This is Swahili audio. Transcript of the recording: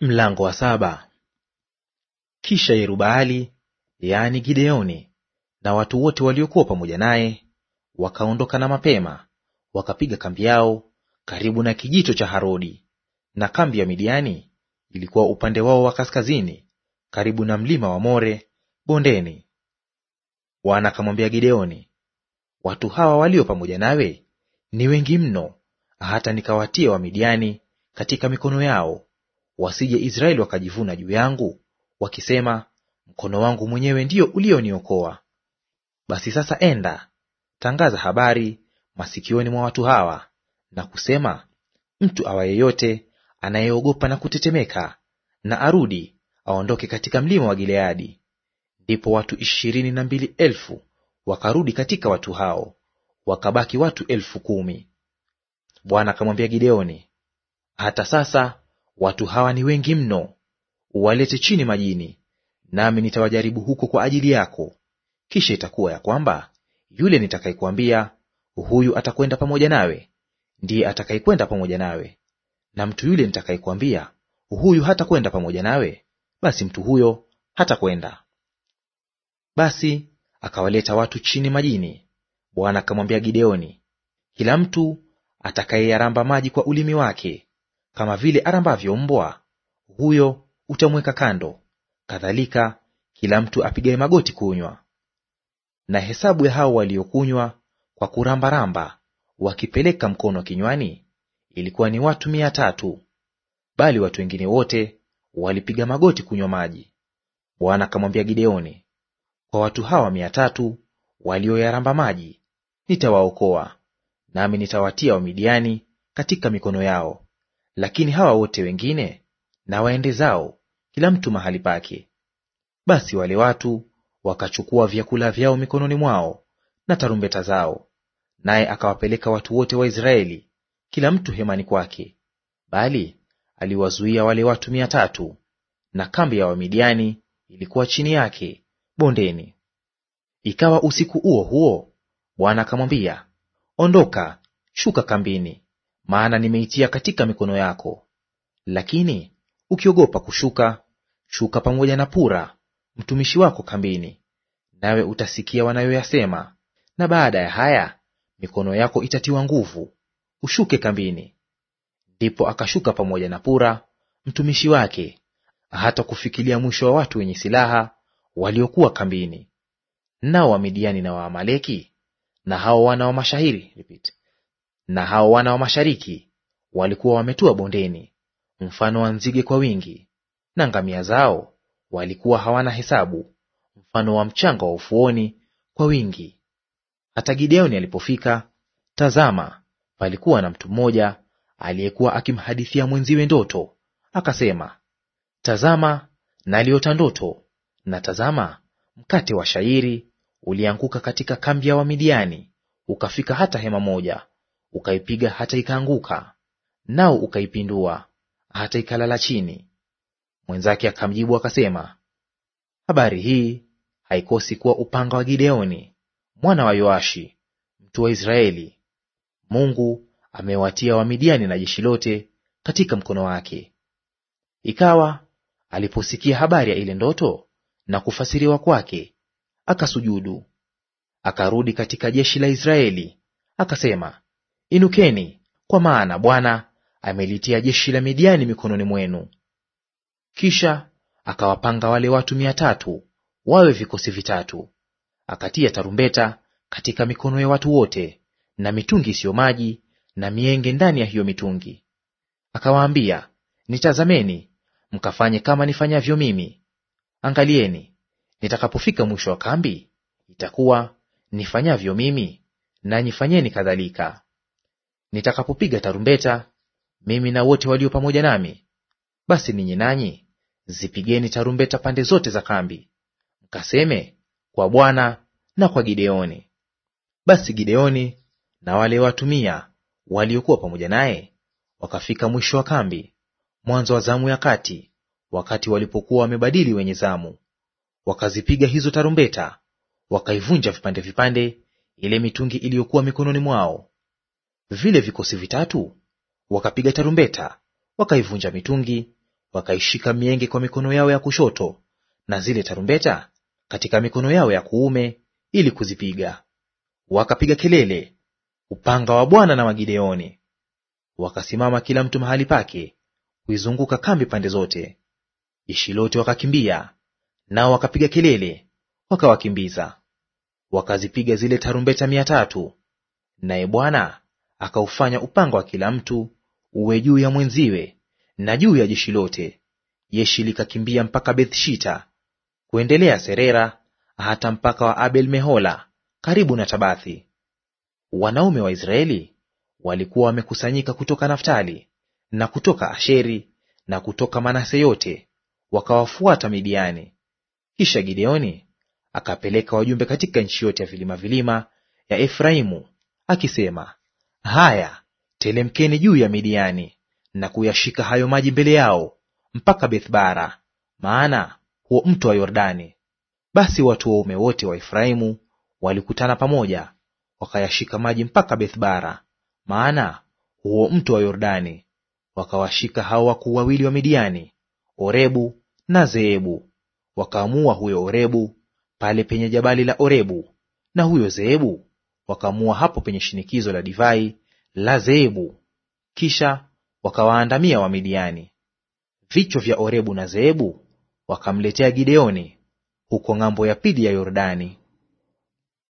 Mlango wa saba. Kisha Yerubaali yaani Gideoni na watu wote waliokuwa pamoja naye wakaondoka na mapema, wakapiga kambi yao karibu na kijito cha Harodi, na kambi ya Midiani ilikuwa upande wao wa kaskazini, karibu na mlima wa More bondeni. Bwana akamwambia Gideoni, watu hawa walio pamoja nawe ni wengi mno, hata nikawatia Wamidiani katika mikono yao wasije Israeli wakajivuna juu yangu wakisema, mkono wangu mwenyewe ndiyo ulioniokoa. Basi sasa enda, tangaza habari masikioni mwa watu hawa na kusema, mtu awa yeyote anayeogopa na kutetemeka na arudi aondoke katika mlima wa Gileadi. Ndipo watu ishirini na mbili elfu wakarudi katika watu hao, wakabaki watu elfu kumi. Bwana akamwambia Gideoni, hata sasa Watu hawa ni wengi mno, uwalete chini majini, nami nitawajaribu huko kwa ajili yako. Kisha itakuwa ya kwamba yule nitakayekuambia huyu atakwenda pamoja nawe, ndiye atakayekwenda pamoja nawe, na mtu yule nitakayekuambia huyu hatakwenda pamoja nawe, basi mtu huyo hatakwenda. Basi akawaleta watu chini majini. Bwana akamwambia Gideoni, kila mtu atakayeyaramba maji kwa ulimi wake kama vile arambavyo mbwa, huyo utamweka kando; kadhalika kila mtu apigaye magoti kunywa. Na hesabu ya hao waliokunywa kwa kurambaramba, wakipeleka mkono kinywani, ilikuwa ni watu mia tatu. Bali watu wengine wote walipiga magoti kunywa maji. Bwana akamwambia Gideoni, kwa watu hawa mia tatu walioyaramba maji nitawaokoa, nami nitawatia Wamidiani katika mikono yao, lakini hawa wote wengine na waende zao, kila mtu mahali pake. Basi wale watu wakachukua vyakula vyao mikononi mwao na tarumbeta zao, naye akawapeleka watu wote wa Israeli, kila mtu hemani kwake, bali aliwazuia wale watu mia tatu, na kambi ya Wamidiani ilikuwa chini yake bondeni. Ikawa usiku huo huo Bwana akamwambia, ondoka, shuka kambini maana nimeitia katika mikono yako. Lakini ukiogopa kushuka, shuka pamoja na Pura mtumishi wako kambini, nawe utasikia wanayoyasema, na baada ya haya mikono yako itatiwa nguvu, ushuke kambini. Ndipo akashuka pamoja na Pura mtumishi wake, hata kufikilia mwisho wa watu wenye silaha waliokuwa kambini. Nao Wamidiani na Waamaleki na hao wana wa mashahiri repeat na hao wana wa mashariki walikuwa wametua bondeni mfano wa nzige kwa wingi, na ngamia zao walikuwa hawana hesabu mfano wa mchanga wa ufuoni kwa wingi. Hata Gideoni alipofika, tazama, palikuwa na mtu mmoja aliyekuwa akimhadithia mwenziwe ndoto, akasema, tazama naliota ndoto, na tazama mkate wa shairi ulianguka katika kambi ya Wamidiani ukafika hata hema moja, ukaipiga hata ikaanguka, nao ukaipindua hata ikalala chini. Mwenzake akamjibu akasema, habari hii haikosi kuwa upanga wa Gideoni mwana wa Yoashi mtu wa Israeli. Mungu amewatia Wamidiani na jeshi lote katika mkono wake. Ikawa aliposikia habari ya ile ndoto na kufasiriwa kwake, akasujudu. Akarudi katika jeshi la Israeli akasema, Inukeni, kwa maana Bwana amelitia jeshi la Midiani mikononi mwenu. Kisha akawapanga wale watu mia tatu wawe vikosi vitatu, akatia tarumbeta katika mikono ya watu wote, na mitungi isiyo maji na mienge ndani ya hiyo mitungi. Akawaambia, nitazameni mkafanye kama nifanyavyo mimi. Angalieni, nitakapofika mwisho wa kambi, itakuwa nifanyavyo mimi, nanyi fanyeni kadhalika. Nitakapopiga tarumbeta, mimi na wote walio pamoja nami, basi ninyi nanyi zipigeni tarumbeta pande zote za kambi, mkaseme kwa Bwana na kwa Gideoni. Basi Gideoni na wale watu mia waliokuwa pamoja naye wakafika mwisho wa kambi, mwanzo wa zamu ya kati, wakati walipokuwa wamebadili wenye zamu. Wakazipiga hizo tarumbeta, wakaivunja vipande vipande ile mitungi iliyokuwa mikononi mwao, vile vikosi vitatu wakapiga tarumbeta, wakaivunja mitungi, wakaishika mienge kwa mikono yao ya kushoto, na zile tarumbeta katika mikono yao ya kuume, ili kuzipiga. Wakapiga kelele, upanga wa Bwana na magideoni Wakasimama kila mtu mahali pake, kuizunguka kambi pande zote. Jeshi lote wakakimbia, nao wakapiga kelele, wakawakimbiza. Wakazipiga zile tarumbeta mia tatu, naye Bwana akaufanya upanga wa kila mtu uwe juu ya mwenziwe na juu ya jeshi lote. Jeshi likakimbia mpaka Bethshita, kuendelea Serera, hata mpaka wa Abel Mehola karibu na Tabathi. Wanaume wa Israeli walikuwa wamekusanyika kutoka Naftali na kutoka Asheri na kutoka Manase yote, wakawafuata Midiani. Kisha Gideoni akapeleka wajumbe katika nchi yote ya vilima vilima ya Efraimu akisema, Haya, telemkeni juu ya Midiani na kuyashika hayo maji mbele yao mpaka Bethbara, maana huo mto wa Yordani. Basi watu waume wote wa Efraimu walikutana pamoja, wakayashika maji mpaka Bethbara, maana huo mto wa Yordani. Wakawashika hao wakuu wawili wa Midiani, Orebu na Zeebu, wakaamua huyo Orebu pale penye jabali la Orebu, na huyo Zeebu wakamua hapo penye shinikizo la divai la Zeebu, kisha wakawaandamia Wamidiani. Vichwa vya Orebu na Zeebu wakamletea Gideoni huko ng'ambo ya pili ya Yordani.